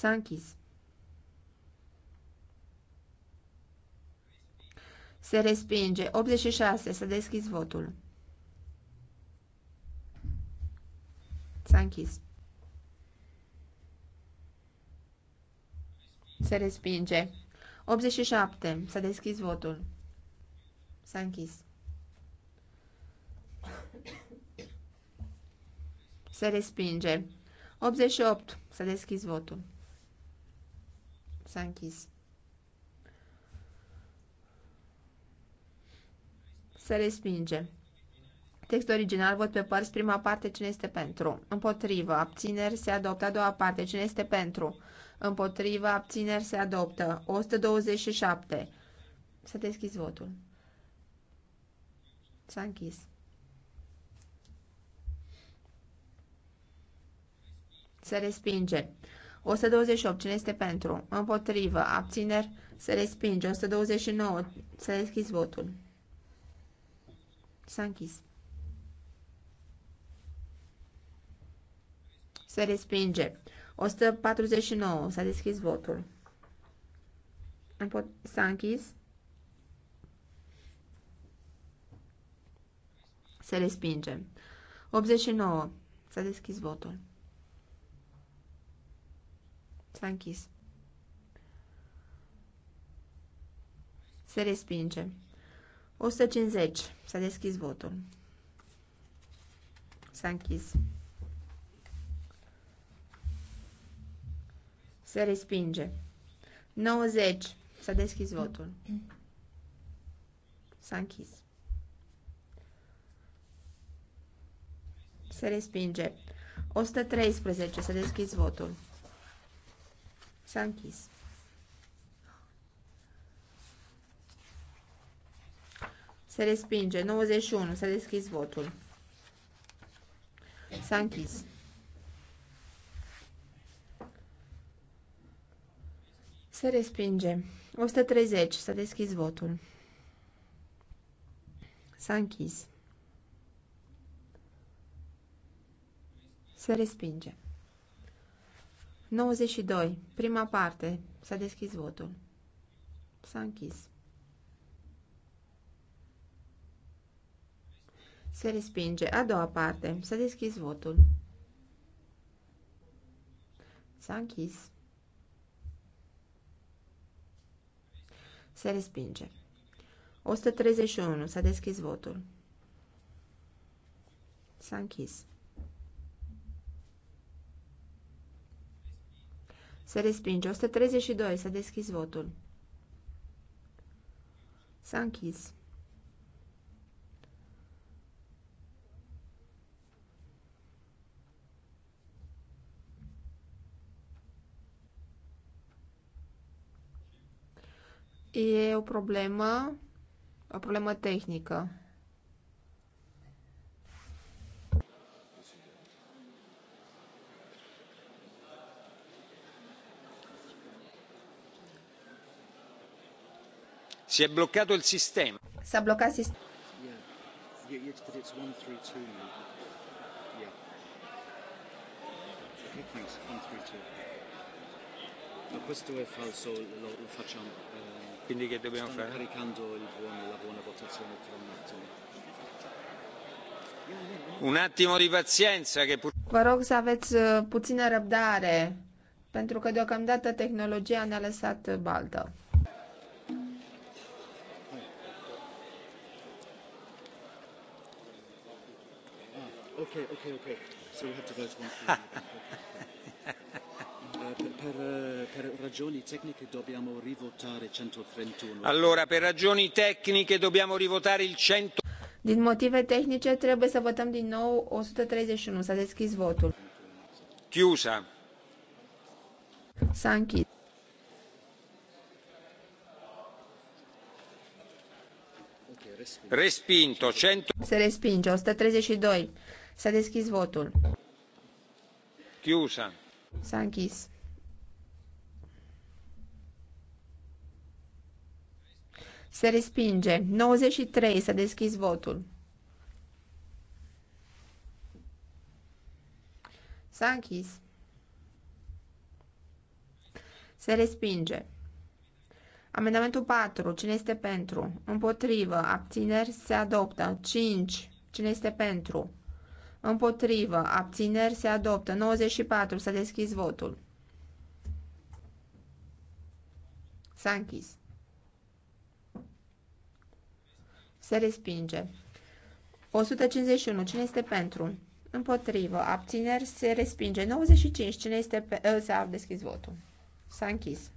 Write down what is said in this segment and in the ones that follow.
S-a închis. Se respinge. 86. Să deschizi votul. S-a închis. Se respinge. 87. Să deschizi votul. S-a închis. Se respinge. 88. Să deschizi votul. S-a închis. Se respinge. Text original, vot pe părți, prima parte, cine este pentru? Împotrivă, abțineri, se adoptă. A doua parte, cine este pentru? Împotrivă, abțineri, se adoptă. 127. Să deschizi votul. S-a închis. Se respinge. 128. Cine este pentru? Împotrivă. Abțineri. Se respinge. 129. să deschis votul. S-a închis. Se respinge. 149. S-a deschis votul. S-a închis. Se respinge. 89. S-a deschis votul. S-a închis. Se respinge. 150. S-a deschis votul. S-a închis. Se respinge. 90. S-a deschis votul. S-a închis. Se respinge. 113. S-a deschis votul. S-a închis. Se respinge. 91. S-a deschis votul. S-a închis. Se respinge. 130. S-a deschis votul. S-a închis. Se respinge. 92. Prima parte. S-a deschis votul. S-a închis. Se respinge. A doua parte. S-a deschis votul. S-a închis. Se respinge. 131. S-a deschis votul. S-a închis. Se respinge. 132. S-a deschis votul. S-a închis. E o problemă, o problemă tehnică. Si è bloccato il sistema. S-a blocat sistemul. Ma questo è falso, lo, facciamo. Eh, Quindi che dobbiamo stanno caricando il buon, la buona votazione tra un attimo. Un attimo di pazienza che pur... Vă rog să aveți uh, puțină răbdare, pentru că deocamdată tehnologia ne-a lăsat uh, baltă. okay, okay, okay. So we have to vote once again. per, ragioni tecniche dobbiamo rivotare 131. Allora, per ragioni tecniche dobbiamo rivotare il 100. Din motive tehnice trebuie să votăm din nou 131. S-a deschis votul. Chiusa. S-a închis. Respinto. 100... Se respinge. 132. S-a deschis votul. Chiusa. S-a închis. Se respinge. 93. S-a deschis votul. S-a închis. Se respinge. Amendamentul 4. Cine este pentru? Împotrivă. Abțineri. Se adoptă. 5. Cine este pentru? Împotrivă. Abțineri se adoptă. 94. S-a deschis votul. S-a închis. Se respinge. 151. Cine este pentru? Împotrivă. Abțineri se respinge. 95. Cine este pe... Ă, s-a deschis votul. S-a închis.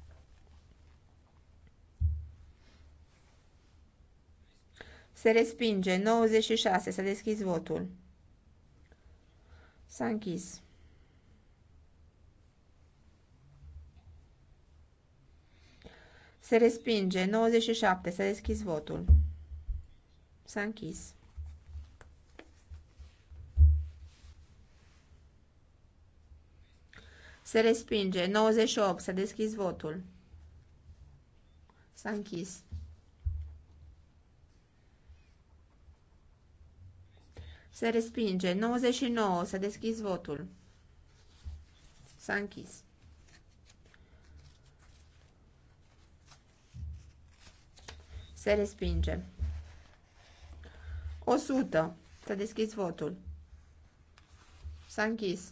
Se respinge. 96. să a votul. S-a închis. Se respinge. 97. S-a deschis votul. S-a închis. Se respinge. 98. S-a deschis votul. S-a închis. Se respinge. 99. S-a deschis votul. S-a închis. Se respinge. 100. S-a deschis votul. S-a închis.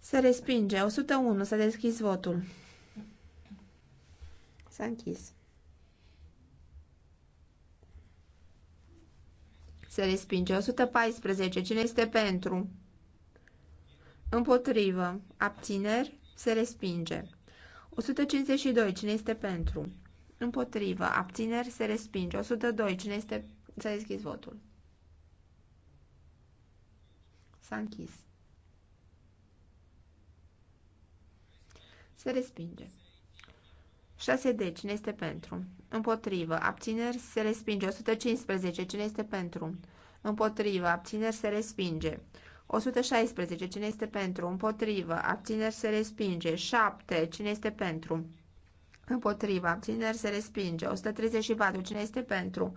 Se respinge. 101. S-a deschis votul. S-a închis. se respinge. 114. Cine este pentru? Împotrivă. Abțineri se respinge. 152. Cine este pentru? Împotrivă. Abțineri se respinge. 102. Cine este... S-a deschis votul. S-a închis. Se respinge. 6 de. Deci, cine este pentru? Împotrivă. Abțineri se respinge. 115. Cine este pentru? Împotrivă. Abțineri se respinge. 116. Cine este pentru? Împotrivă. Abțineri se respinge. 7. Cine este pentru? Împotrivă. Abțineri se respinge. 134. Cine este pentru?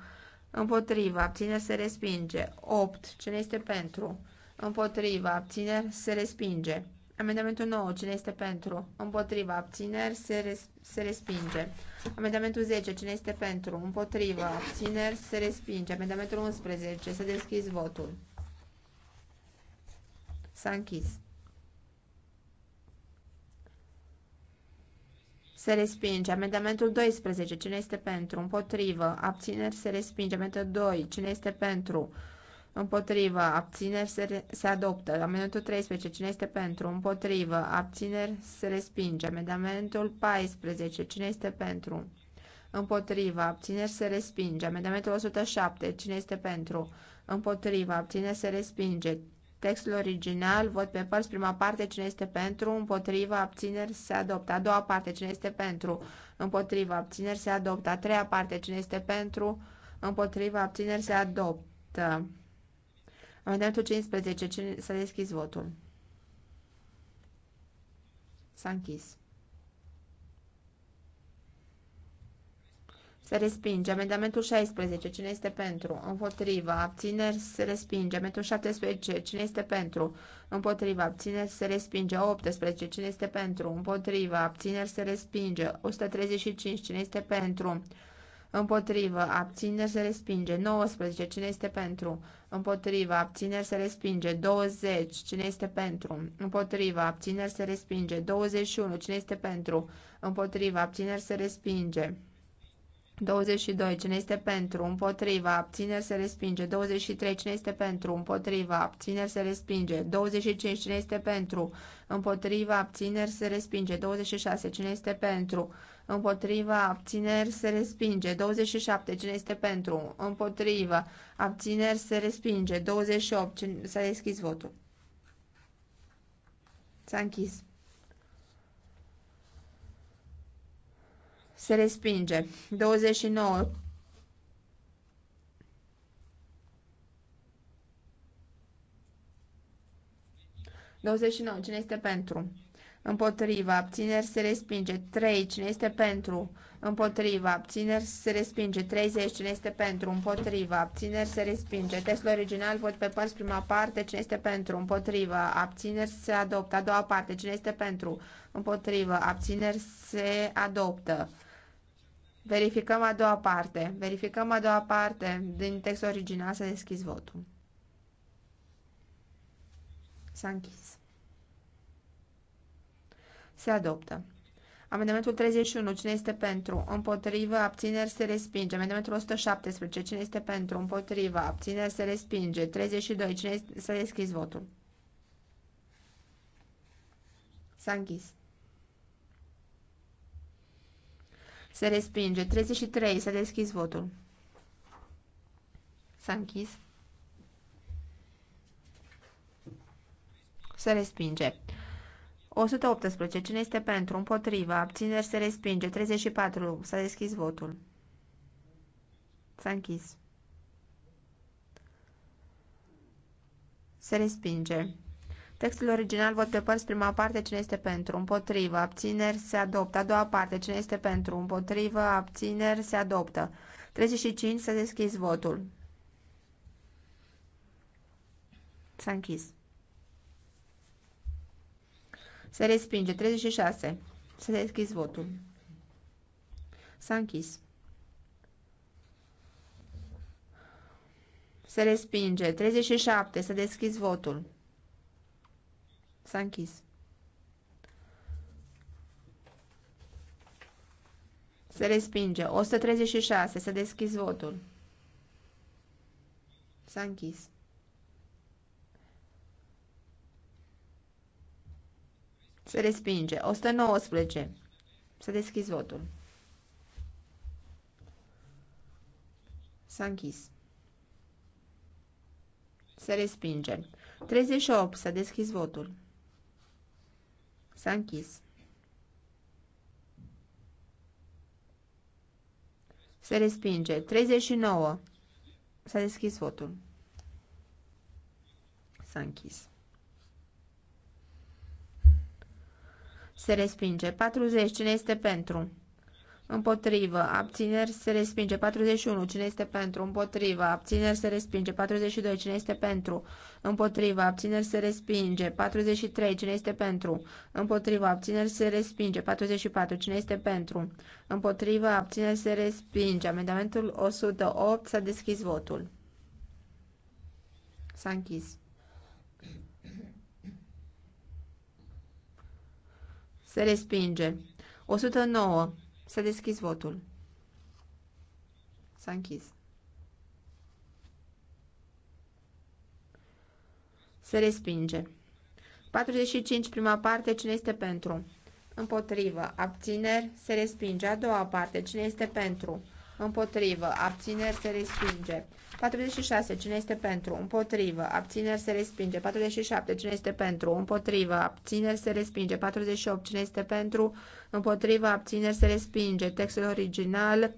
Împotrivă. Abțineri se respinge. 8. Cine este pentru? Împotrivă. Abțineri se respinge. Amendamentul 9. Cine este pentru? Împotriva. Abțineri. Se, res- se respinge. Amendamentul 10. Cine este pentru? Împotriva. Abțineri. Se respinge. Amendamentul 11. Să deschizi votul. S-a închis. Se respinge. Amendamentul 12. Cine este pentru? Împotrivă. Abțineri. Se respinge. Amendamentul 2. Cine este pentru? Împotrivă. Abțineri se, se adoptă. Amendamentul 13. Cine este pentru? Împotrivă. Abțineri se respinge. Amendamentul 14. Cine este pentru? Împotrivă. Abțineri se respinge. Amendamentul 107. Cine este pentru? Împotrivă. Abțineri se respinge. Textul original, vot pe părți, prima parte, cine este pentru, împotriva, abțineri, se adoptă. A doua parte, cine este pentru, împotriva, abțineri, se adoptă. A treia parte, cine este pentru, împotriva, abțineri, se adoptă. Amendamentul 15. S-a deschis votul. S-a închis. Se respinge. Amendamentul 16. Cine este pentru? Împotriva. Abțineri. Se respinge. Amendamentul 17. Cine este pentru? Împotriva. Abțineri. Se respinge. 18. Cine este pentru? Împotriva. Abțineri. Se respinge. 135. Cine este pentru? Împotrivă, abțineri se respinge. 19. Cine este pentru? Împotrivă, abțineri se respinge. 20. Cine este pentru? Împotrivă, abțineri se respinge. 21. Cine este pentru? Împotrivă, abțineri se respinge. 22. Cine este pentru? Împotriva. Abțineri se respinge. 23. Cine este pentru? Împotriva. Abțineri se respinge. 25. Cine este pentru? Împotriva. Abțineri se respinge. 26. Cine este pentru? împotriva, abțineri, se respinge. 27, cine este pentru, împotriva, abțineri, se respinge. 28, cine... s-a deschis votul. S-a închis. Se respinge. 29. Douăzeci și nouă. Cine este pentru? împotriva, abțineri se respinge, 3, cine este pentru, împotriva, abțineri se respinge, 30, cine este pentru, împotriva, abțineri se respinge, textul original, vot pe părți, prima parte, cine este pentru, împotriva, abțineri se adoptă, a doua parte, cine este pentru, împotriva, abțineri se adoptă. Verificăm a doua parte, verificăm a doua parte din textul original, să deschis votul. S-a închis. Se adoptă. Amendamentul 31. Cine este pentru? Împotrivă. Abțineri se respinge. Amendamentul 117. Cine este pentru? Împotrivă. Abțineri se respinge. 32. Cine este... S-a deschis votul. S-a închis. Se respinge. 33. S-a deschis votul. S-a închis. Se respinge. 118. Cine este pentru? Împotriva. Abțineri se respinge. 34. S-a deschis votul. S-a închis. Se respinge. Textul original, vot pe părți, prima parte, cine este pentru, împotrivă, abțineri, se adoptă. A doua parte, cine este pentru, împotrivă, abțineri, se adoptă. 35, să deschizi votul. S-a închis. Se respinge. 36. Să deschis votul. S-a închis. Se respinge. 37. Să deschis votul. S-a închis. Se respinge. 136. Să deschis votul. S-a închis. Se respinge. 119. Să deschizi votul. S-a închis. Se respinge. 38. Să deschizi votul. S-a închis. Se respinge. 39. S-a deschis votul. S-a închis. se respinge. 40. Cine este pentru? Împotrivă. Abțineri se respinge. 41. Cine este pentru? Împotrivă. Abțineri se respinge. 42. Cine este pentru? Împotrivă. Abțineri se respinge. 43. Cine este pentru? Împotrivă. Abțineri se respinge. 44. Cine este pentru? Împotrivă. Abțineri se respinge. Amendamentul 108. S-a deschis votul. S-a închis. Se respinge. 109. S-a deschis votul. S-a închis. Se respinge. 45. Prima parte. Cine este pentru? Împotrivă. Abțineri. Se respinge. A doua parte. Cine este pentru? Împotrivă. Abțineri se respinge. 46. Cine este pentru? Împotrivă. Abțineri se respinge. 47. Cine este pentru? Împotrivă. Abțineri se respinge. 48. Cine este pentru? Împotrivă. Abțineri se respinge. Textul original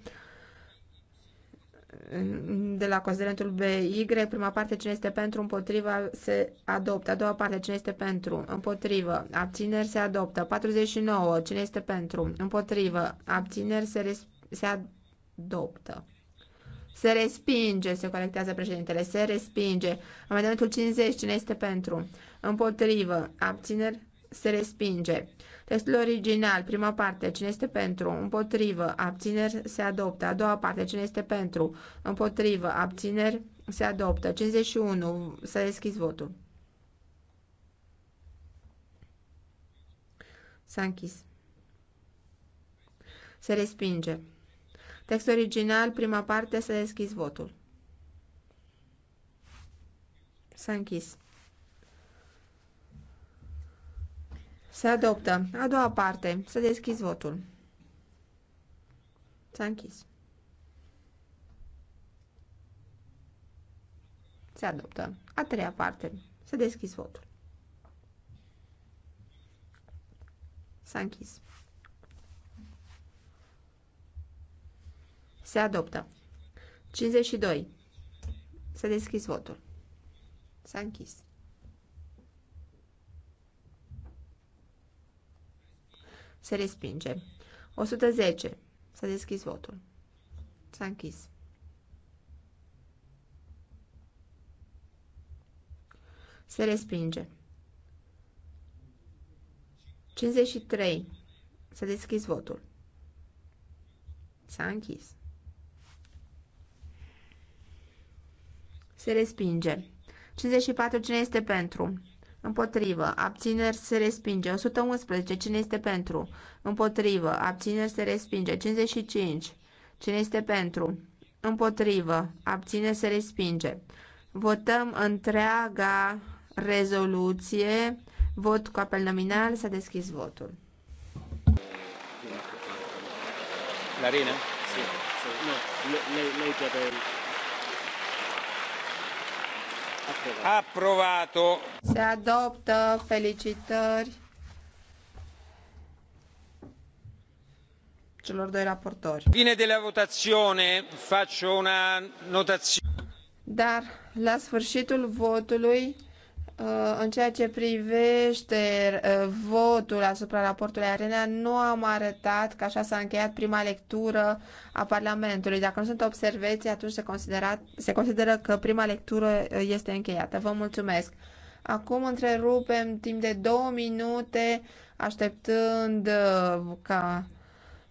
de la considerentul BY, prima parte cine este pentru, împotriva, se adoptă. A doua parte cine este pentru, împotrivă, abțineri se adoptă. 49, cine este pentru, împotrivă, abțineri se, se adoptă doptă. Se respinge, se colectează președintele, se respinge. Amendamentul 50, cine este pentru? Împotrivă, abțineri, se respinge. Textul original, prima parte, cine este pentru? Împotrivă, abțineri, se adoptă. A doua parte, cine este pentru? Împotrivă, abțineri, se adoptă. 51, să deschizi votul. S-a închis. Se respinge. Text original, prima parte, să deschizi votul. S-a închis. Se adoptă. A doua parte. Să deschizi votul. S-a închis. Se adoptă. A treia parte. Să deschizi votul. S-a închis. Se adoptă. 52. S-a deschis votul. S-a închis. Se respinge. 110. S-a deschis votul. S-a închis. Se respinge. 53. S-a deschis votul. S-a închis. Se respinge. 54. Cine este pentru? Împotrivă. Abțineri se respinge. 111. Cine este pentru? Împotrivă. Abțineri se respinge. 55. Cine este pentru? Împotrivă. Abțineri se respinge. Votăm întreaga rezoluție. Vot cu apel nominal. S-a deschis votul. Larina? Sì, nu No, lei, lei, lei Approvato. Se adoptă. Felicitări. celor doi raportori. Fine la votazione faccio una notazione. Dar la sfârșitul votului Uh, în ceea ce privește uh, votul asupra raportului Arena, nu am arătat că așa s-a încheiat prima lectură a Parlamentului. Dacă nu sunt observeții, atunci se, considera, se consideră că prima lectură uh, este încheiată. Vă mulțumesc! Acum întrerupem timp de două minute, așteptând ca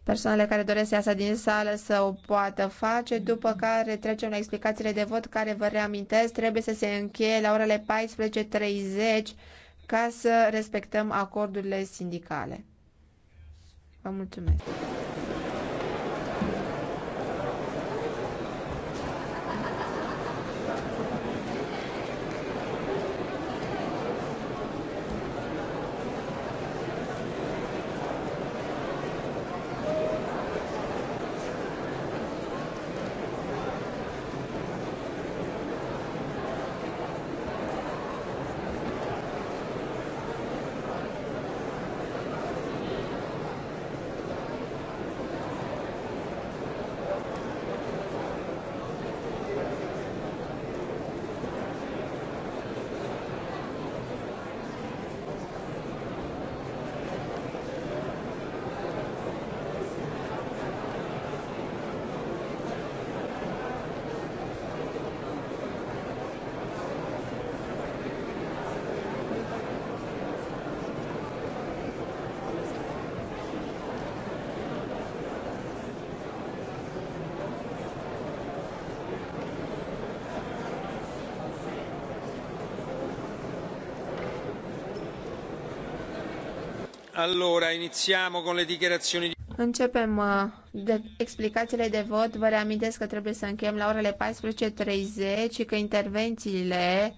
persoanele care doresc să iasă din sală să o poată face, după care trecem la explicațiile de vot care vă reamintesc trebuie să se încheie la orele 14.30 ca să respectăm acordurile sindicale. Vă mulțumesc! Allora, iniziamo con le dichiarazioni di... Începem uh, de explicațiile de vot. Vă reamintesc că trebuie să încheiem la orele 14.30 și că intervențiile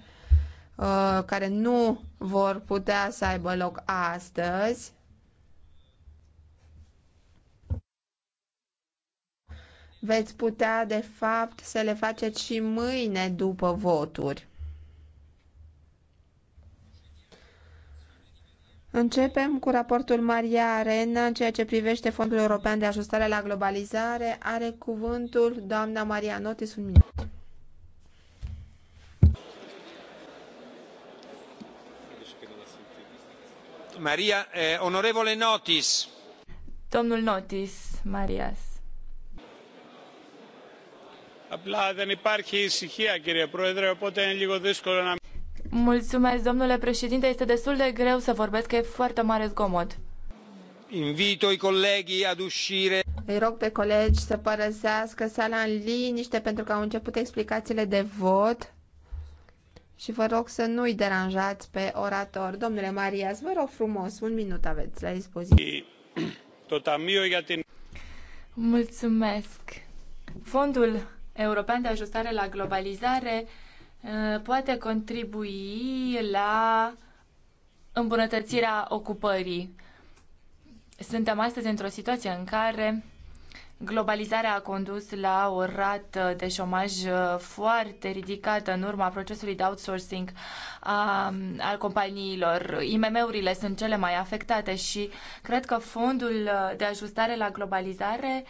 uh, care nu vor putea să aibă loc astăzi veți putea, de fapt, să le faceți și mâine după voturi. Începem cu raportul Maria Arena în ceea ce privește Fondul European de Ajustare la Globalizare. Are cuvântul doamna Maria Notis un minut. Maria, eh, onorevole Notis. Domnul Notis, Marias. Απλά δεν υπάρχει ησυχία, κύριε Πρόεδρε, οπότε είναι λίγο δύσκολο να... Mulțumesc, domnule președinte. Este destul de greu să vorbesc, că e foarte mare zgomot. Invito i colleghi ad uscire. Îi rog pe colegi să părăsească sala în liniște pentru că au început explicațiile de vot. Și vă rog să nu-i deranjați pe orator. Domnule Marias, vă rog frumos, un minut aveți la dispoziție. Mulțumesc. Fondul European de Ajustare la Globalizare Eh, poate contribui la îmbunătățirea ocupării. Suntem astăzi într-o situație în care globalizarea a condus la o rată de șomaj eh, foarte ridicată în urma procesului de outsourcing a, al companiilor. IMM-urile sunt cele mai afectate și cred că fondul eh, de ajustare la globalizare uh,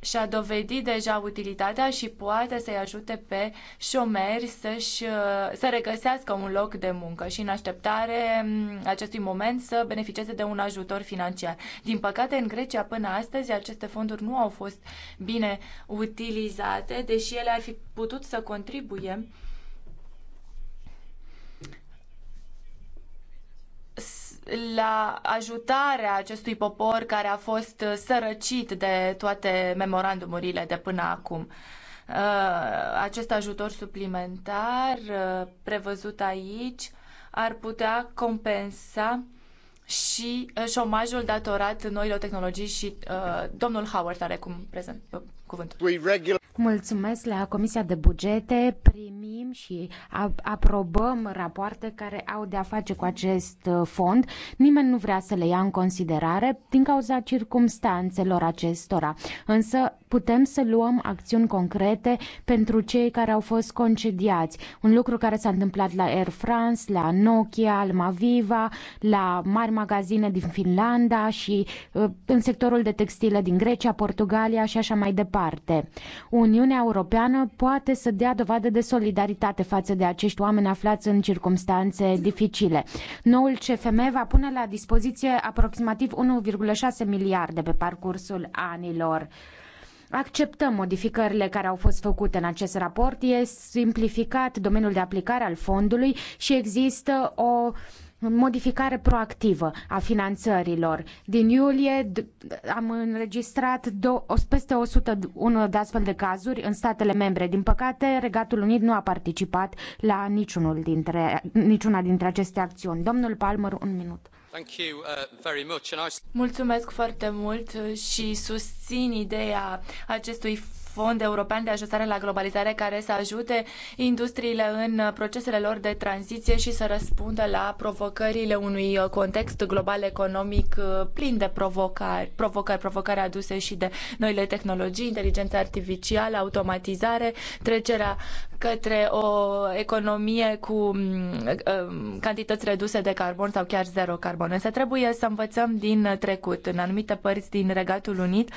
și-a dovedit deja utilitatea și poate să-i ajute pe șomeri să-și, uh, să regăsească un loc de muncă și în așteptare mm, acestui moment să beneficieze de un ajutor financiar. Din păcate, în Grecia până astăzi aceste fonduri nu au fost bine utilizate, deși ele ar fi putut să contribuie la ajutarea acestui popor care a fost uh, sărăcit de toate memorandumurile de până acum. Uh, acest ajutor suplimentar uh, prevăzut aici ar putea compensa și șomajul datorat noilor tehnologii și uh, domnul Howard are cum prezent cuvântul. Mulțumesc la Comisia de Bugete. Primim și aprobăm rapoarte care au de-a face cu acest uh, fond. Nimeni nu vrea să le ia în considerare din cauza circumstanțelor acestora. Însă putem să luăm acțiuni concrete pentru cei care au fost concediați. Un lucru care s-a întâmplat la Air France, la Nokia, Almaviva, la mari magazine din Finlanda și uh, în sectorul de textile din Grecia, Portugalia și așa mai departe departe. Uniunea Europeană poate să dea dovadă de solidaritate față de acești oameni aflați în circumstanțe dificile. Noul CFM va pune la dispoziție aproximativ 1,6 miliarde pe parcursul anilor. Acceptăm modificările care au fost făcute în acest raport. E simplificat domeniul de aplicare al fondului și există o uh, modificare proactivă a finanțărilor. Din iulie am înregistrat do- peste 101 de astfel de cazuri în statele membre. Din păcate, Regatul Unit nu a participat la niciunul dintre, niciuna dintre aceste acțiuni. Domnul Palmer, un minut. Uh, Mulțumesc foarte mult și susțin ideea acestui fond european de ajustare la globalizare care să ajute industriile în procesele lor de tranziție și să răspundă la provocările unui context global economic uh, plin de provocări, provocări, provocări aduse și de noile tehnologii, inteligența artificială, automatizare, trecerea către o economie cu mm, uh, cantități reduse de carbon sau chiar zero carbon. Însă trebuie să învățăm din trecut. În anumite părți din Regatul Unit,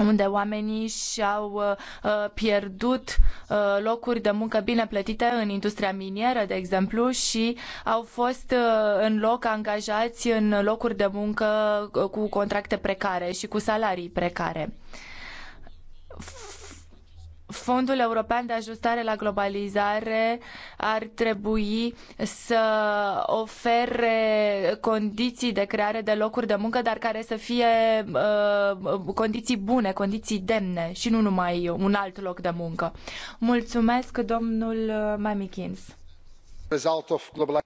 unde oamenii și-au uh, uh, pierdut uh, locuri de muncă bine plătite în industria minieră, de exemplu, și au fost în loc angajați în locuri de muncă cu contracte precare și cu salarii precare Fondul European de Ajustare la Globalizare ar trebui să ofere condiții de creare de locuri de muncă, dar care să fie uh, condiții bune, condiții demne și nu numai un alt loc de muncă. Mulțumesc, domnul Mamikins.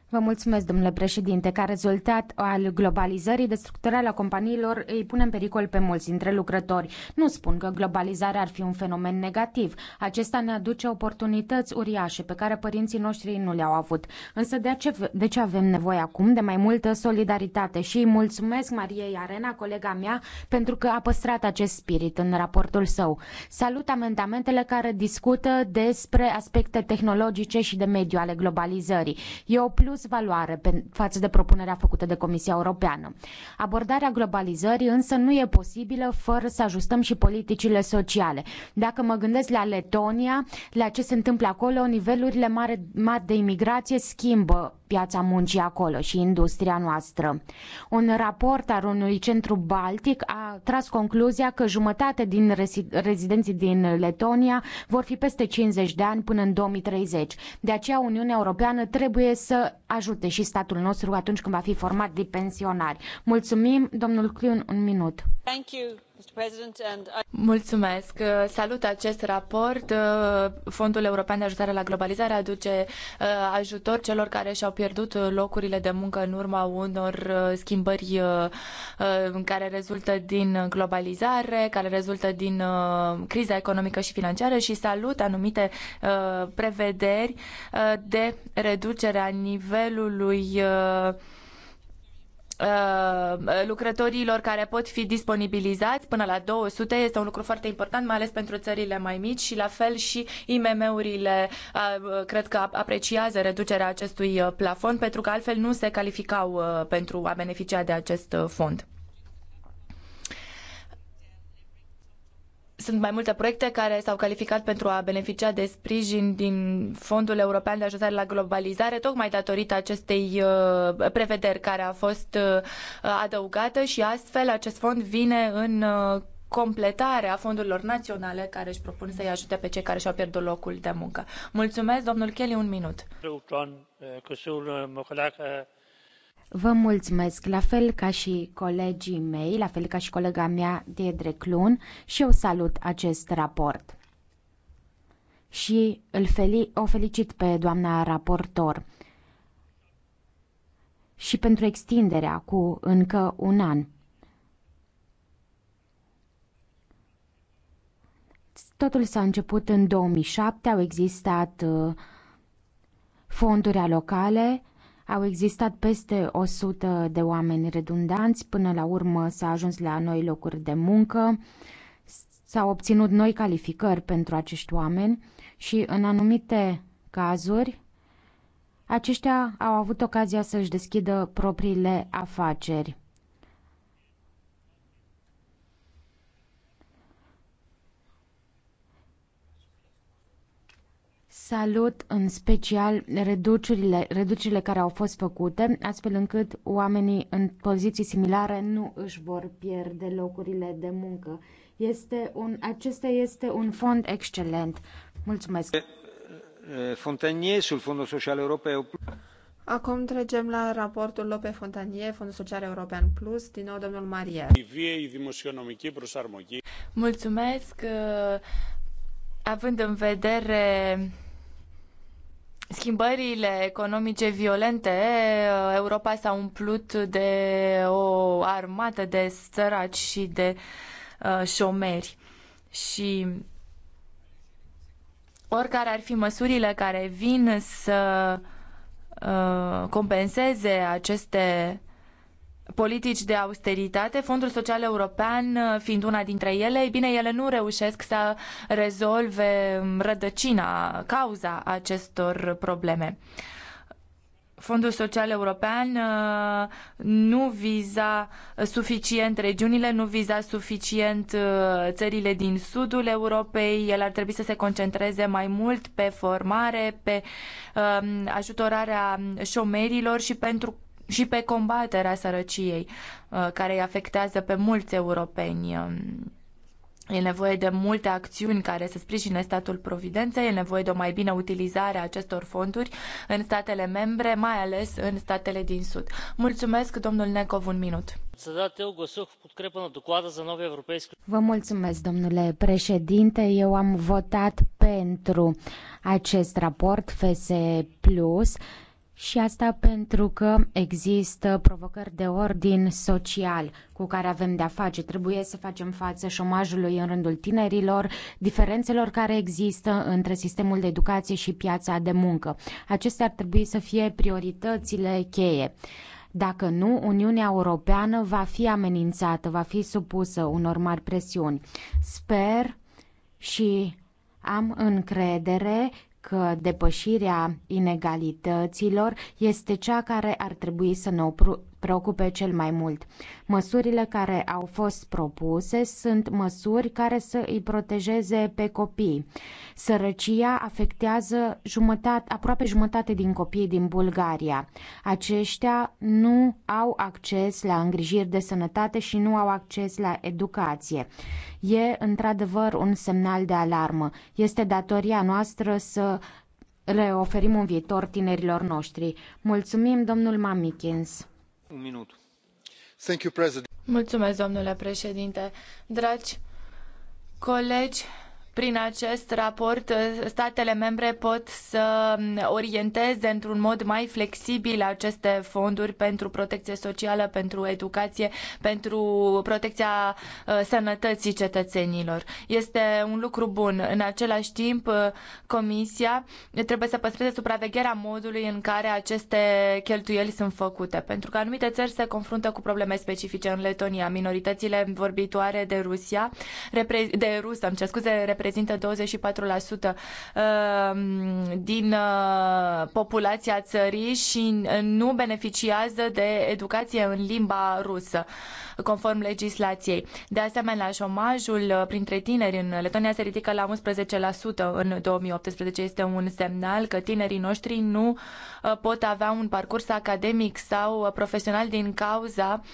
Vă mulțumesc, domnule președinte. Ca rezultat al globalizării, destructurarea companiilor îi pune în pericol pe mulți dintre lucrători. Nu spun că globalizarea ar fi un fenomen negativ. Acesta ne aduce oportunități uriașe pe care părinții noștri nu le-au avut. Însă de, ce, de ce avem nevoie acum de mai multă solidaritate? Și îi mulțumesc Mariei Arena, colega mea, pentru că a păstrat acest spirit în raportul său. Salut amendamentele care discută despre aspecte tehnologice și de mediu ale globalizării digitalizării. E o plus valoare față de propunerea făcută de Comisia Europeană. Abordarea globalizării însă nu e posibilă fără să ajustăm și politicile sociale. Dacă mă gândesc la Letonia, la ce se întâmplă acolo, nivelurile mari de imigrație schimbă piața muncii acolo și industria noastră. Un raport al unui centru baltic a tras concluzia că jumătate din rezidenții din Letonia vor fi peste 50 de ani până în 2030. De aceea Uniunea Europeană trebuie să ajute și statul nostru atunci când va fi format de pensionari. Mulțumim, domnul Clun, un minut. Thank you. Mulțumesc. Uh, salut acest raport. Uh, Fondul European de Ajutare la Globalizare aduce uh, ajutor celor care și-au pierdut locurile de muncă în urma unor schimbări care rezultă din globalizare, care rezultă din criza economică și financiară și salut anumite prevederi de reducere a nivelului Uh, lucrătorilor care pot fi disponibilizați până la 200 este un lucru foarte important, mai ales pentru țările mai mici și la fel și IMM-urile uh, cred că apreciază reducerea acestui uh, plafon pentru că altfel nu se calificau pentru a beneficia de acest fond. sunt mai multe proiecte care s-au calificat pentru a beneficia de sprijin din Fondul European de Ajutare la Globalizare, tocmai datorită acestei uh, prevederi care a fost uh, adăugată și astfel acest fond vine în uh, completarea fondurilor naționale care își propun să-i ajute pe cei care și-au pierdut locul de muncă. Mulțumesc, domnul Kelly, un minut. Vă mulțumesc, la fel ca și colegii mei, la fel ca și colega mea, Diedre Clun, și eu salut acest raport. Și îl feli- o felicit pe doamna raportor și pentru extinderea cu încă un an. Totul s-a început în 2007, au existat uh, fonduri alocale, au existat peste 100 de oameni redundanți, până la urmă s-a ajuns la noi locuri de muncă, s-au obținut noi calificări pentru acești oameni și în anumite cazuri aceștia au avut ocazia să-și deschidă propriile afaceri. Salut în special reducerile, reducerile care au fost făcute, astfel încât oamenii în poziții similare nu își vor pierde locurile de muncă. Este un, acesta este un fond excelent. Mulțumesc. Fontanier, sul Fondul Social European. Acum trecem la raportul Lope Fontanier, Fondul Social European Plus, din nou domnul Marier. Mulțumesc. Având în vedere schimbările economice violente, Europa s-a umplut de o armată de săraci și de uh, șomeri. Și oricare ar fi măsurile care vin să uh, compenseze aceste politici de austeritate, Fondul Social European uh, fiind una dintre ele, ei bine, ele nu reușesc să rezolve um, rădăcina, cauza acestor probleme. Fondul Social European uh, nu viza suficient regiunile, nu viza suficient uh, țările din sudul Europei. El ar trebui să se concentreze mai mult pe formare, pe um, ajutorarea șomerilor și pentru și pe combaterea sărăciei uh, care îi afectează pe mulți europeni. Um, e nevoie de multe acțiuni care să sprijine statul providență, e nevoie de o mai bună utilizare a acestor fonduri în statele membre, mai ales în statele din Sud. Mulțumesc, domnul Necov, un minut. Vă mulțumesc, domnule președinte. Eu am votat pentru acest raport FSE Plus și asta pentru că există provocări de ordin social cu care avem de-a face. Trebuie să facem față șomajului în rândul tinerilor, diferențelor care există între sistemul de educație și piața de muncă. Acestea ar trebui să fie prioritățile cheie. Dacă nu, Uniunea Europeană va fi amenințată, va fi supusă unor mari presiuni. Sper și am încredere că depășirea inegalităților este cea care ar trebui să ne preocupe cel mai mult. Măsurile care au fost propuse sunt măsuri care să îi protejeze pe copii. Sărăcia afectează jumătate, aproape jumătate din copii din Bulgaria. Aceștia nu au acces la îngrijiri de sănătate și nu au acces la educație. E într-adevăr un semnal de alarmă. Este datoria noastră să le oferim un viitor tinerilor noștri. Mulțumim, domnul Mamikins. Mulțumesc, domnule președinte dragi colegi prin acest raport, ă, statele membre pot să orienteze într-un mod mai flexibil aceste fonduri pentru protecție socială, pentru educație, pentru protecția ă, sănătății cetățenilor. Este un lucru bun. În același timp, ă, Comisia trebuie să păstreze supravegherea modului în care aceste cheltuieli sunt făcute, pentru că anumite țări se confruntă cu probleme specifice. În Letonia, minoritățile vorbitoare de Rusia, de rusă, îmi cer scuze, reprezintă 24% ehm, din eh, populația țării și eh, nu beneficiază de educație în limba rusă, conform legislației. De asemenea, șomajul eh, printre tineri în Letonia se ridică la 11% în 2018. Este un semnal că tinerii noștri nu pot avea un parcurs academic sau profesional din cauza uh,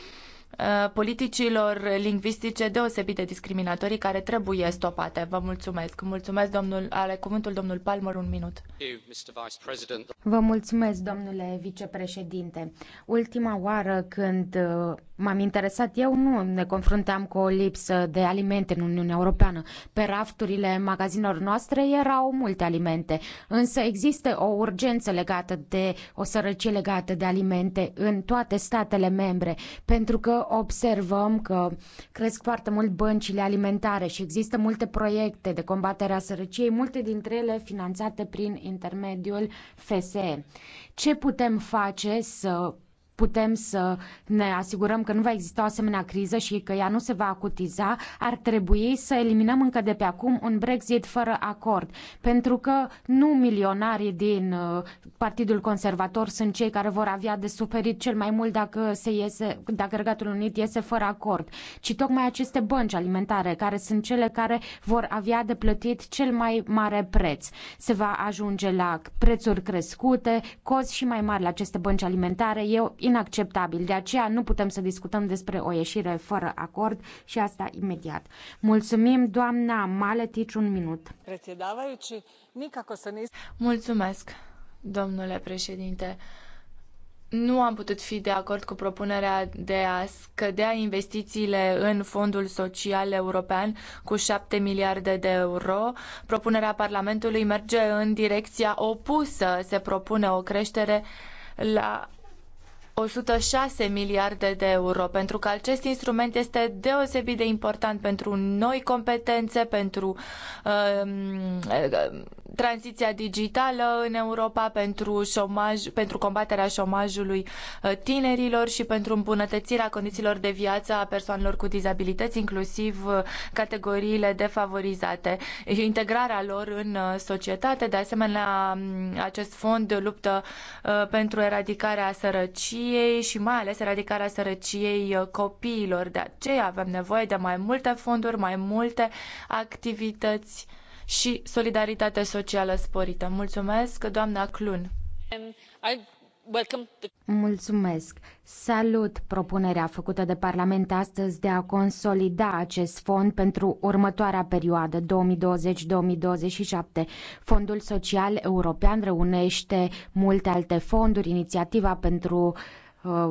Uh, politicilor lingvistice deosebit de discriminatorii care trebuie stopate. Vă mulțumesc. Mulțumesc, domnul, are cuvântul domnul Palmer, un minut. Vă mulțumesc, domnule vicepreședinte. Ultima oară când uh, m-am interesat eu, nu ne confruntam cu o lipsă de alimente în Uniunea Europeană. Pe rafturile magazinelor noastre erau multe alimente, însă există o urgență legată de o sărăcie legată de alimente în toate statele membre, pentru că observăm că cresc foarte mult băncile alimentare și există multe proiecte de combatere a sărăciei, multe dintre ele finanțate prin intermediul FSE. Ce putem face să putem să ne asigurăm că nu va exista o asemenea criză și că ea nu se va acutiza, ar trebui să eliminăm încă de pe acum un Brexit fără acord, pentru că nu milionarii din uh, Partidul Conservator sunt cei care vor avea de suferit cel mai mult dacă, se iese, dacă Regatul Unit iese fără acord, ci tocmai aceste bănci alimentare, care sunt cele care vor avea de plătit cel mai mare preț. Se va ajunge la prețuri crescute, cozi și mai mari la aceste bănci alimentare. Eu inacceptabil. De aceea nu putem să discutăm despre o ieșire fără acord și asta imediat. Mulțumim, doamna Maletici, un minut. Mulțumesc, domnule președinte. Nu am putut fi de acord cu propunerea de a scădea investițiile în Fondul Social European cu 7 miliarde de euro. Propunerea Parlamentului merge în direcția opusă. Se propune o creștere la 106 miliarde de euro, pentru că acest instrument este deosebit de important pentru noi competențe, pentru uh, tranziția digitală în Europa, pentru, șomaj, pentru combaterea șomajului uh, tinerilor și pentru îmbunătățirea condițiilor de viață a persoanelor cu dizabilități, inclusiv uh, categoriile defavorizate, integrarea lor în uh, societate. De asemenea, um, acest fond luptă pentru eradicarea sărăciei sărăciei și mai ales eradicarea sărăciei uh, copiilor. De aceea avem nevoie de mai multe fonduri, mai multe activități și solidaritate socială sporită. Mulțumesc, doamna Clun. Um, Mulțumesc. Salut propunerea făcută de Parlament astăzi de a consolida acest fond pentru următoarea perioadă 2020-2027. Fondul Social European reunește multe alte fonduri, inițiativa pentru uh,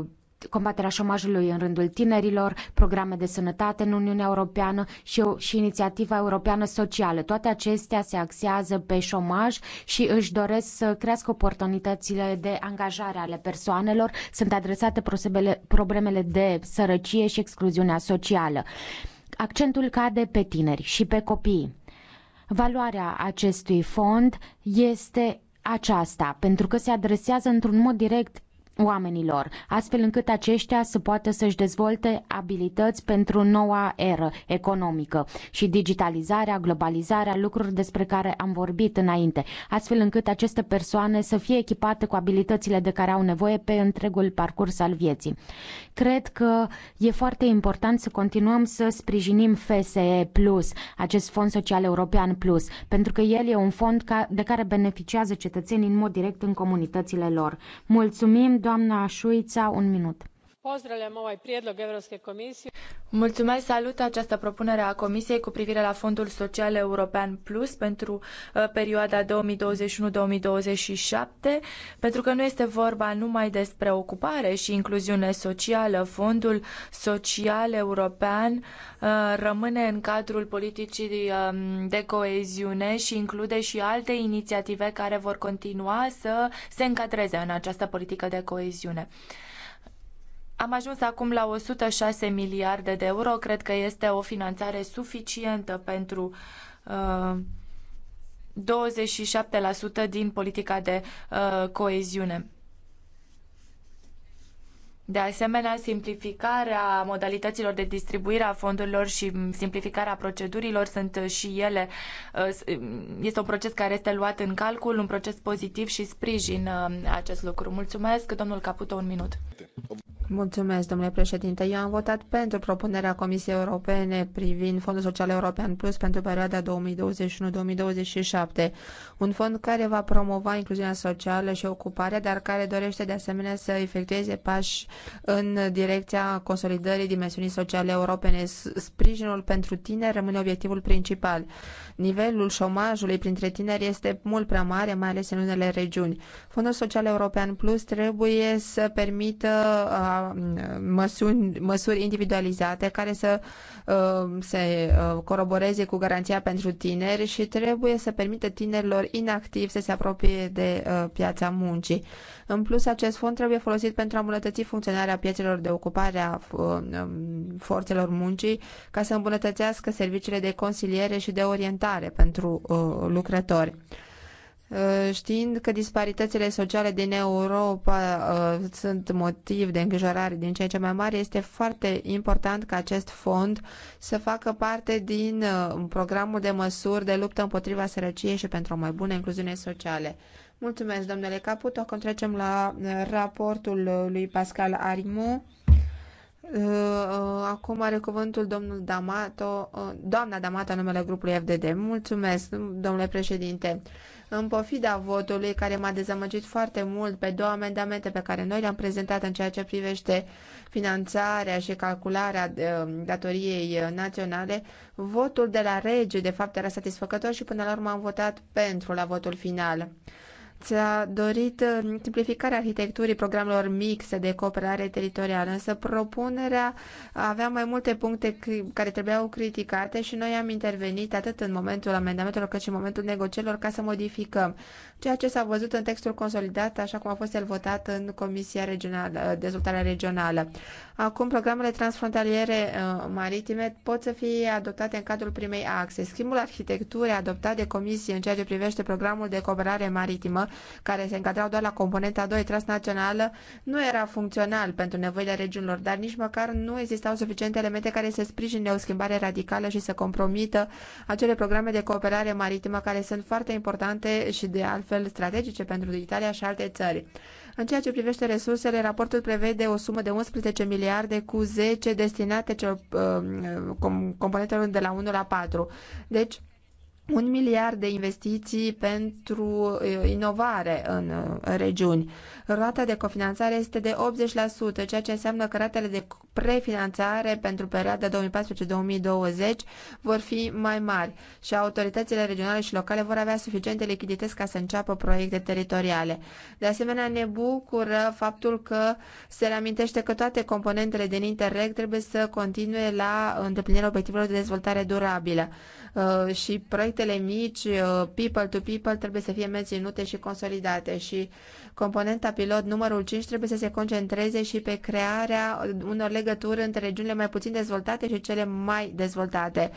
combaterea șomajului în rândul tinerilor, programe de sănătate în Uniunea Europeană și, și inițiativa europeană socială. Toate acestea se axează pe șomaj și își doresc să crească oportunitățile de angajare ale persoanelor. Sunt adresate problemele de sărăcie și excluziunea socială. Accentul cade pe tineri și pe copii. Valoarea acestui fond este aceasta, pentru că se adresează într-un mod direct oamenilor, astfel încât aceștia să poată să-și dezvolte abilități pentru noua eră economică și digitalizarea, globalizarea, lucruri despre care am vorbit înainte, astfel încât aceste persoane să fie echipate cu abilitățile de care au nevoie pe întregul parcurs al vieții. Cred că e foarte important să continuăm să sprijinim FSE Plus, acest Fond Social European Plus, pentru că el e un fond de care beneficiază cetățenii în mod direct în comunitățile lor. Mulțumim, doamna Șuița, un minut. Mulțumesc, salut această propunere a Comisiei cu privire la Fondul Social European Plus pentru uh, perioada 2021-2027, pentru că nu este vorba numai despre ocupare și incluziune socială. Fondul Social European uh, rămâne în cadrul politicii um, de coeziune și include și alte inițiative care vor continua să se încadreze în această politică de coeziune. Am ajuns acum la 106 miliarde de euro. Cred că este o finanțare suficientă pentru uh, 27% din politica de uh, coeziune. De asemenea, simplificarea modalităților de distribuire a fondurilor și simplificarea procedurilor sunt și ele, uh, este un proces care este luat în calcul, un proces pozitiv și sprijin uh, acest lucru. Mulțumesc, domnul Caputo, un minut. Mulțumesc, domnule președinte. Eu am votat pentru propunerea Comisiei Europene privind Fondul Social European Plus pentru perioada 2021-2027, un fond care va promova incluziunea socială și ocuparea, dar care dorește de asemenea să efectueze pași în direcția consolidării dimensiunii sociale europene. Sprijinul pentru tineri rămâne obiectivul principal. Nivelul șomajului printre tineri este mult prea mare, mai ales în unele regiuni. Fondul Social European Plus trebuie să permită uh, Mm, măsuri, măsuri individualizate care să uh, se uh, coroboreze cu garanția pentru tineri și trebuie să permită tinerilor inactivi să se apropie de uh, piața muncii. În plus, acest fond trebuie folosit pentru a îmbunătăți funcționarea piețelor de ocupare a um, forțelor muncii ca să îmbunătățească serviciile de consiliere și de orientare pentru lucrători. Uh, știind că disparitățile sociale din Europa uh, sunt motiv de îngrijorare din ce în ce mai mare, este foarte important ca acest fond să facă parte din uh, programul de măsuri de luptă împotriva sărăciei și pentru o mai bună incluziune socială. Mulțumesc, domnule Caput, Acum trecem la raportul lui Pascal Arimu. Uh, uh, acum are cuvântul domnul Damato, uh, doamna Damato, numele grupului FDD. Mulțumesc, domnule președinte. În pofida votului care m-a dezamăgit foarte mult pe două amendamente pe care noi le-am prezentat în ceea ce privește finanțarea și calcularea datoriei naționale, votul de la rege de fapt era satisfăcător și până la urmă am votat pentru la votul final ți-a dorit uh, simplificarea arhitecturii programelor mixte de cooperare teritorială, însă propunerea avea mai multe puncte care trebuiau criticate și noi am intervenit atât în momentul amendamentelor cât și în momentul negocierilor ca să modificăm ceea ce s-a văzut în textul consolidat, așa cum a fost el votat în Comisia Regională, uh, Dezvoltarea Regională. Acum, programele transfrontaliere uh, maritime pot să fie adoptate în cadrul primei axe. Schimbul arhitecturii adoptat de Comisie în ceea ce privește programul de cooperare maritimă care se încadrau doar la componenta 2 transnațională, nu era funcțional pentru nevoile regiunilor, dar nici măcar nu existau suficiente elemente care să sprijine o schimbare radicală și să compromită acele programe de cooperare maritimă care sunt foarte importante și de altfel strategice pentru Italia și alte țări. În ceea ce privește resursele, raportul prevede o sumă de 11 miliarde cu 10 destinate celor, uh, componentelor de la 1 la 4. Deci, un miliard de investiții pentru inovare în regiuni. Rata de cofinanțare este de 80%, ceea ce înseamnă că ratele de prefinanțare pentru perioada 2014-2020 vor fi mai mari și autoritățile regionale și locale vor avea suficiente lichidități ca să înceapă proiecte teritoriale. De asemenea, ne bucură faptul că se reamintește că toate componentele din Interreg trebuie să continue la îndeplinirea obiectivelor de dezvoltare durabilă și proiecte proiectele mici, uh, people to people, trebuie să fie menținute și consolidate și componenta pilot numărul 5 trebuie să se concentreze și pe crearea unor legături între regiunile mai puțin dezvoltate și cele mai dezvoltate,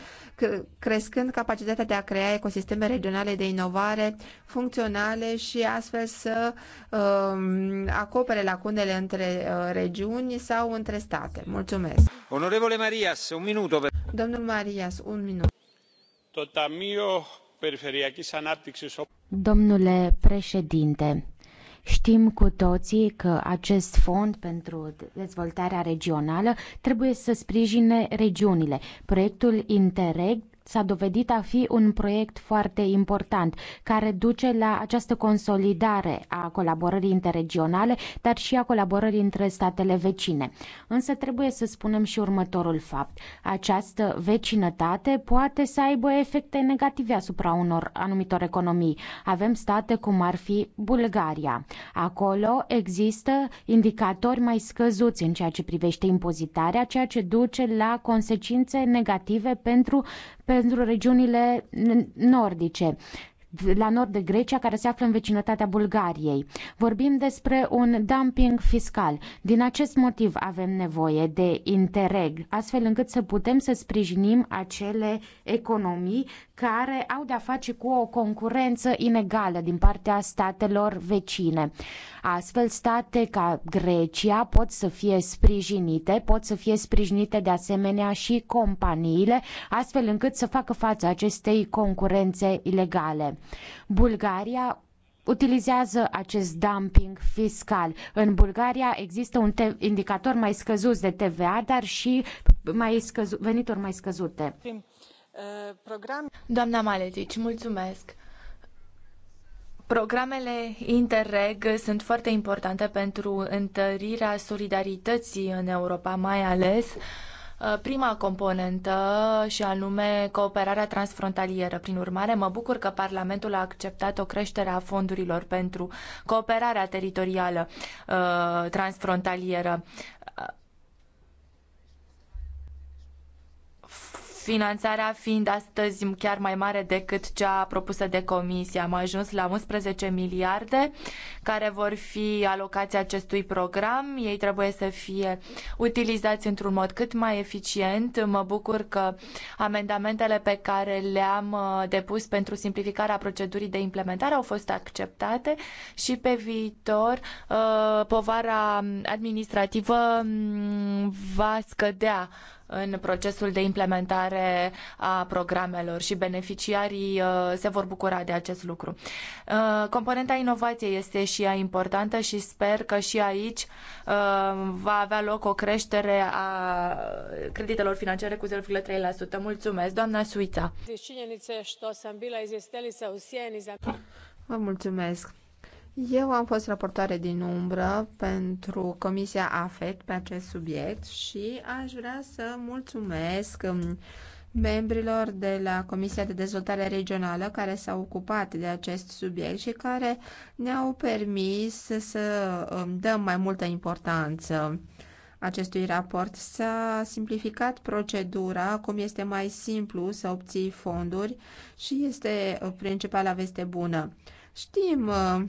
crescând capacitatea de a crea ecosisteme regionale de inovare funcționale și astfel să um, acopere lacunele între uh, regiuni sau între state. Mulțumesc. Onorevole Marias, un minut. Domnul Marias, un minut Domnule președinte, știm cu toții că acest fond pentru dezvoltarea regională trebuie să sprijine regiunile. Proiectul Interreg s-a dovedit a fi un proiect foarte important care duce la această consolidare a colaborării interregionale, dar și a colaborării între statele vecine. Însă trebuie să spunem și următorul fapt. Această vecinătate poate să aibă efecte negative asupra unor anumitor economii. Avem state cum ar fi Bulgaria. Acolo există indicatori mai scăzuți în ceea ce privește impozitarea, ceea ce duce la consecințe negative pentru pentru regiunile nordice la nord de Grecia, care se află în vecinătatea Bulgariei. Vorbim despre un dumping fiscal. Din acest motiv avem nevoie de interreg, astfel încât să putem să sprijinim acele economii care au de-a face cu o concurență inegală din partea statelor vecine. Astfel, state ca Grecia pot să fie sprijinite, pot să fie sprijinite de asemenea și companiile, astfel încât să facă față acestei concurențe ilegale. Bulgaria utilizează acest dumping fiscal. În Bulgaria există un indicator mai scăzut de TVA, dar și mai scăzu- venituri mai scăzute. Program... Doamna Maletici, mulțumesc. Programele Interreg sunt foarte importante pentru întărirea solidarității în Europa, mai ales uh, prima componentă și anume cooperarea transfrontalieră. Prin urmare, mă bucur că Parlamentul a acceptat o creștere a fondurilor pentru cooperarea teritorială uh, transfrontalieră finanțarea fiind astăzi chiar mai mare decât cea propusă de comisie. Am ajuns la 11 miliarde care vor fi alocați acestui program. Ei trebuie să fie utilizați într-un mod cât mai eficient. Mă bucur că amendamentele pe care le-am uh, depus pentru simplificarea procedurii de implementare au fost acceptate și pe viitor uh, povara administrativă mm, va scădea în procesul de implementare a programelor și beneficiarii uh, se vor bucura de acest lucru. Uh, componenta inovației este și ea importantă și sper că și aici uh, va avea loc o creștere a creditelor financiare cu 0,3%. Mulțumesc, doamna Suița. Vă mulțumesc. Eu am fost raportoare din umbră pentru Comisia AFET pe acest subiect și aș vrea să mulțumesc um, membrilor de la Comisia de Dezvoltare Regională care s-au ocupat de acest subiect și care ne-au permis să um, dăm mai multă importanță acestui raport. S-a simplificat procedura, cum este mai simplu să obții fonduri și este uh, principala veste bună. Știm uh,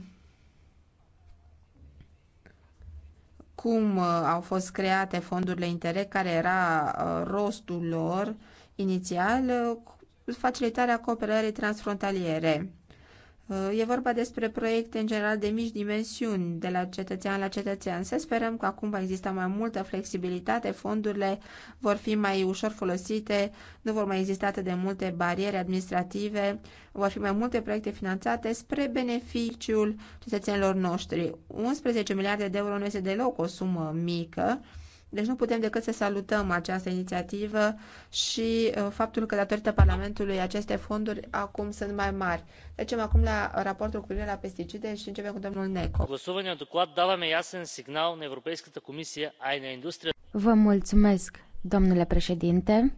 cum uh, au fost create fondurile Interreg, care era uh, rostul lor inițial, uh, facilitarea cooperării transfrontaliere. E vorba despre proiecte în general de mici dimensiuni, de la cetățean la cetățean. Să sperăm că acum va exista mai multă flexibilitate, fondurile vor fi mai ușor folosite, nu vor mai exista atât de multe bariere administrative, vor fi mai multe proiecte finanțate spre beneficiul cetățenilor noștri. 11 miliarde de euro nu este deloc o sumă mică deci nu putem decât să salutăm această inițiativă și uh, faptul că datorită Parlamentului aceste fonduri acum sunt mai mari. Trecem acum la raportul cu privire la pesticide și începem cu domnul Neco. Vă mulțumesc, domnule președinte.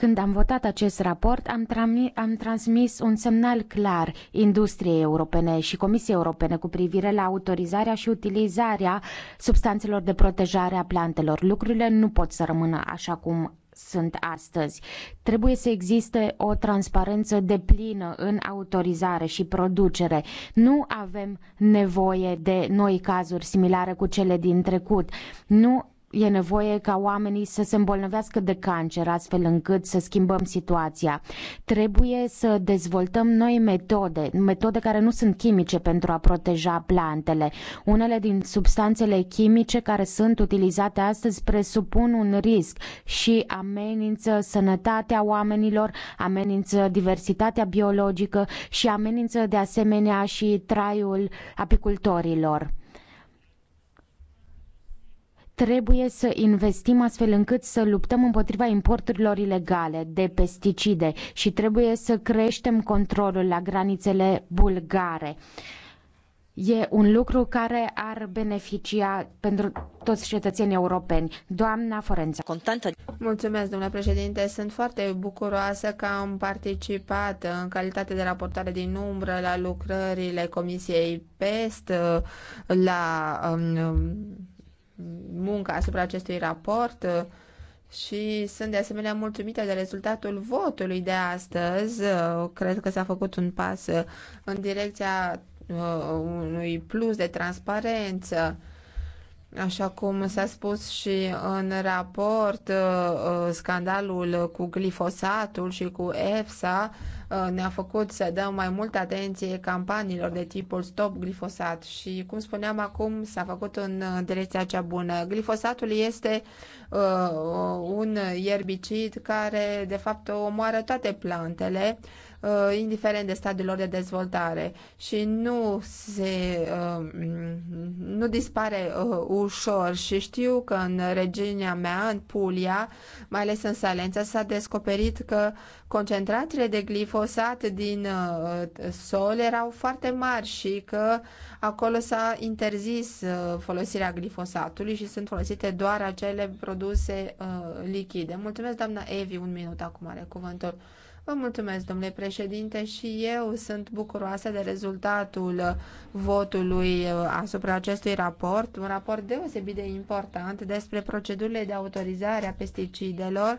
Când am votat acest raport, am, tra- am transmis un semnal clar industriei europene și Comisiei Europene cu privire la autorizarea și utilizarea substanțelor de protejare a plantelor. Lucrurile nu pot să rămână așa cum sunt astăzi. Trebuie să existe o transparență deplină în autorizare și producere. Nu avem nevoie de noi cazuri similare cu cele din trecut. Nu e nevoie ca oamenii să se îmbolnăvească de cancer, astfel încât să schimbăm situația. Trebuie să dezvoltăm noi metode, metode care nu sunt chimice pentru a proteja plantele. Unele din substanțele chimice care sunt utilizate astăzi presupun un risc și amenință sănătatea oamenilor, amenință diversitatea biologică și amenință de asemenea și traiul apicultorilor. Trebuie să investim astfel încât să luptăm împotriva importurilor ilegale de pesticide și trebuie să creștem controlul la granițele bulgare. E un lucru care ar beneficia pentru toți cetățenii europeni. Doamna Forenza. Contantă. Mulțumesc, domnule președinte. Sunt foarte bucuroasă că am participat în calitate de raportare din umbră la lucrările Comisiei PEST, la um, munca asupra acestui raport uh, și sunt de asemenea mulțumită de rezultatul votului de astăzi. Uh, cred că s-a făcut un pas uh, în direcția unui plus de transparență. Așa cum s-a spus și în raport, scandalul cu glifosatul și cu EFSA Uh, ne-a făcut să dăm mai multă atenție campaniilor de tipul Stop glifosat și, cum spuneam acum, s-a făcut în uh, direcția cea bună. Glifosatul este uh, un ierbicid care, de fapt, omoară toate plantele Uh, indiferent de stadiul lor de dezvoltare și nu se uh, mm, nu dispare uh, ușor și știu că în regiunea mea, în Puglia, mai ales în Salența, s-a descoperit că concentrațiile de glifosat din sol erau foarte mari și că acolo s-a interzis folosirea glifosatului și sunt folosite doar acele produse lichide. Mulțumesc, doamna Evi, un minut acum are cuvântul. Vă mulțumesc, domnule președinte, și eu sunt bucuroasă de rezultatul votului uh, asupra acestui raport, un raport deosebit de important despre procedurile de autorizare a pesticidelor,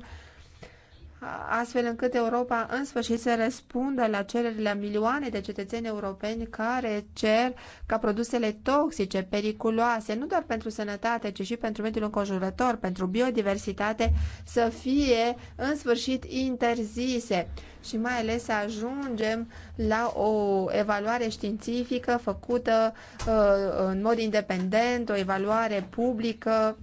astfel încât Europa în sfârșit să răspundă la cererile milioane de cetățeni europeni care cer ca produsele toxice, periculoase, nu doar pentru sănătate, ci și pentru mediul înconjurător, pentru biodiversitate, să fie în sfârșit interzise și mai ales să ajungem la o evaluare științifică făcută uh, în mod independent, o evaluare publică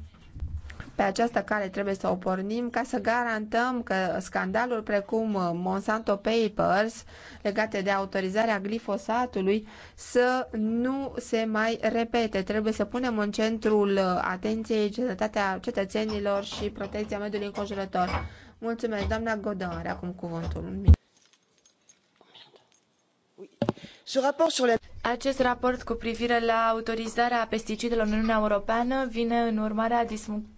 pe această cale trebuie să o pornim ca să garantăm că scandalul precum uh, Monsanto Papers legate de autorizarea glifosatului să nu se mai repete. Trebuie să punem în centrul uh, atenției cetatea cetățenilor și protecția mediului înconjurător. Mulțumesc, doamna Godin, are acum cuvântul. Acest raport cu privire la autorizarea pesticidelor în Uniunea Europeană vine în urmarea disfuncției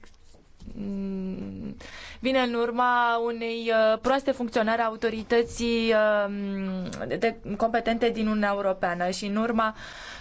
Mm, vine în urma unei uh, proaste funcționare a autorității um, de competente din Uniunea Europeană și în urma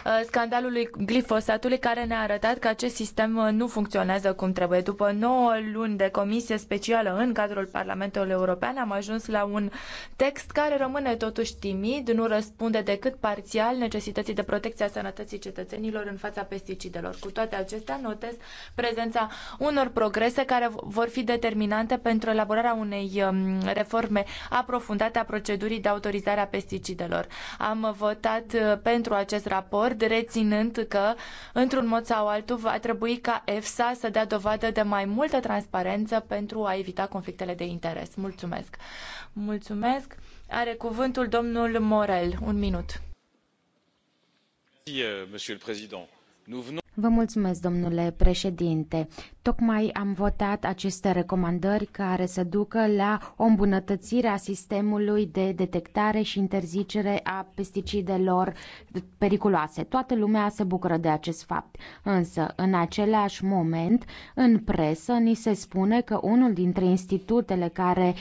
Uh, scandalului glifosatului care ne-a arătat că acest sistem uh, nu funcționează cum trebuie. După 9 luni de comisie specială în cadrul Parlamentului European am ajuns la un text care rămâne totuși timid, nu răspunde decât parțial necesității de protecție a sănătății cetățenilor în fața pesticidelor. Cu toate acestea, notez prezența unor progrese care vor fi determinante pentru elaborarea unei um, reforme aprofundate a procedurii de autorizare a pesticidelor. Am votat uh, pentru acest raport acord, reținând că, într-un mod sau altul, va trebui ca EFSA să dea dovadă de mai multă transparență pentru a evita conflictele de interes. Mulțumesc! Mulțumesc! Are cuvântul domnul Morel. Un minut. Euh, monsieur le Président, nous venons Vă mulțumesc, domnule președinte. Tocmai am votat aceste recomandări care să ducă la o îmbunătățire a sistemului de detectare și interzicere a pesticidelor periculoase. Toată lumea se bucură de acest fapt. Însă, în același moment, în presă ni se spune că unul dintre institutele care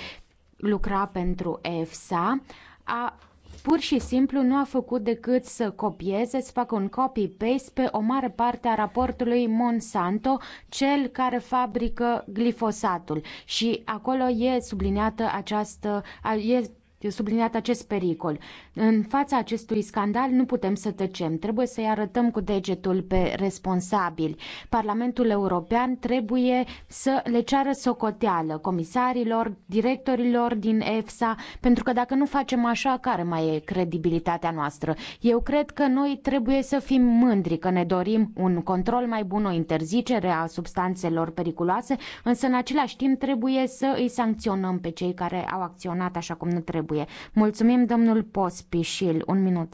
lucra pentru EFSA a pur și simplu nu a făcut decât să copieze, să facă un copy-paste pe o mare parte a raportului Monsanto, cel care fabrică glifosatul. Și acolo e subliniată această, e subliniat acest pericol. În fața acestui scandal nu putem să tăcem, trebuie să-i arătăm cu degetul pe responsabili. Parlamentul European trebuie să le ceară socoteală comisarilor, directorilor din EFSA, pentru că dacă nu facem așa, care mai e credibilitatea noastră? Eu cred că noi trebuie să fim mândri că ne dorim un control mai bun, o interzicere a substanțelor periculoase, însă în același timp trebuie să îi sancționăm pe cei care au acționat așa cum nu trebuie trebuie. Mulțumim, domnul Pospișil. Un minut.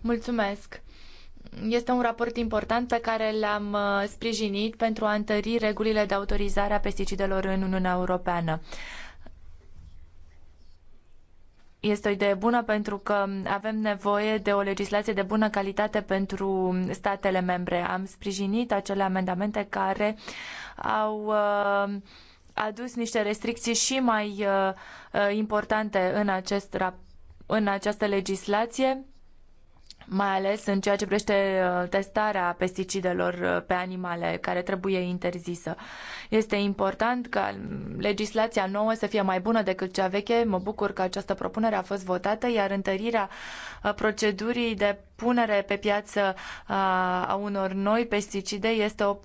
Mulțumesc. Este un raport important pe care l-am uh, sprijinit pentru a întări regulile de autorizare a pesticidelor în Uniunea Europeană este o idee bună pentru că avem nevoie de o legislație de bună calitate pentru statele membre. Am sprijinit acele amendamente care au uh, adus niște restricții și mai uh, uh, importante în, acest, în această legislație, mai ales în ceea ce privește uh, testarea pesticidelor pe animale care trebuie interzisă. Este important ca legislația nouă să fie mai bună decât cea veche. Mă bucur că această propunere a fost votată, iar întărirea procedurii de punere pe piață a unor noi pesticide este o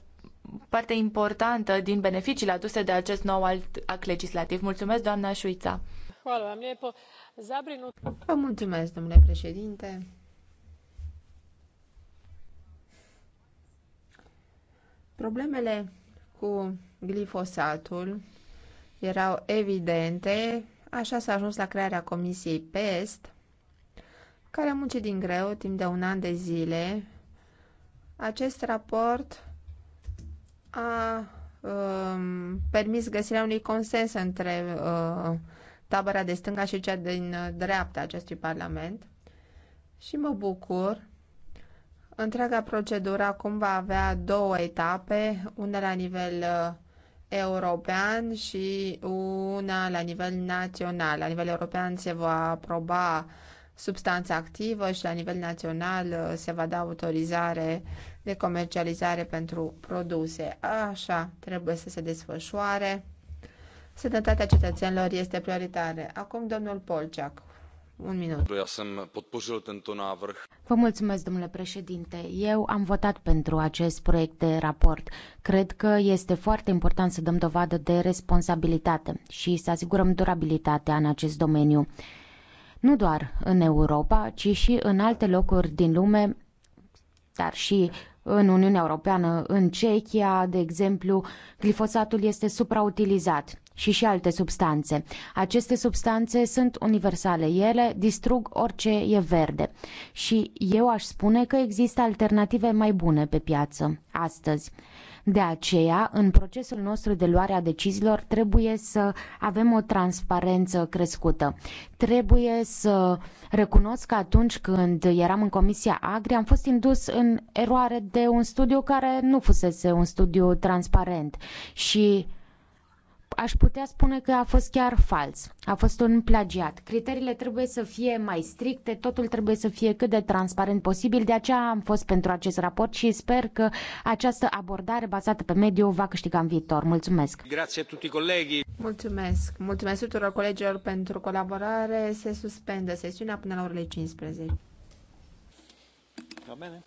parte importantă din beneficiile aduse de acest nou act legislativ. Mulțumesc, doamna Șuița. Vă mulțumesc, domnule președinte. Problemele cu glifosatul erau evidente, așa s-a ajuns la crearea Comisiei PEST, care a muncit din greu timp de un an de zile. Acest raport a um, permis găsirea unui consens între uh, tabăra de stânga și cea din uh, dreapta acestui Parlament și mă bucur. Întreaga procedură acum va avea două etape, una la nivel uh, european și una la nivel național. La nivel european se va aproba substanță activă și la nivel național uh, se va da autorizare de comercializare pentru produse. Așa trebuie să se desfășoare. Sănătatea cetățenilor este prioritară. Acum domnul Polceac. Un minut. Vă mulțumesc, domnule președinte. Eu am votat pentru acest proiect de raport. Cred că este foarte important să dăm dovadă de responsabilitate și să asigurăm durabilitatea în acest domeniu nu doar în Europa, ci și în alte locuri din lume, dar și în Uniunea Europeană, în Cehia, de exemplu, glifosatul este suprautilizat și și alte substanțe. Aceste substanțe sunt universale, ele distrug orice e verde. Și eu aș spune că există alternative mai bune pe piață astăzi. De aceea, în procesul nostru de luare a deciziilor, trebuie să avem o transparență crescută. Trebuie să recunosc că atunci când eram în Comisia Agri, am fost indus în eroare de un studiu care nu fusese un studiu transparent și aș putea spune că a fost chiar fals. A fost un plagiat. Criteriile trebuie să fie mai stricte, totul trebuie să fie cât de transparent posibil. De aceea am fost pentru acest raport și sper că această abordare bazată pe mediu va câștiga în viitor. Mulțumesc! Grazie tutti colegii! Mulțumesc! Mulțumesc tuturor colegilor pentru colaborare. Se suspendă sesiunea până la orele 15. Va bene?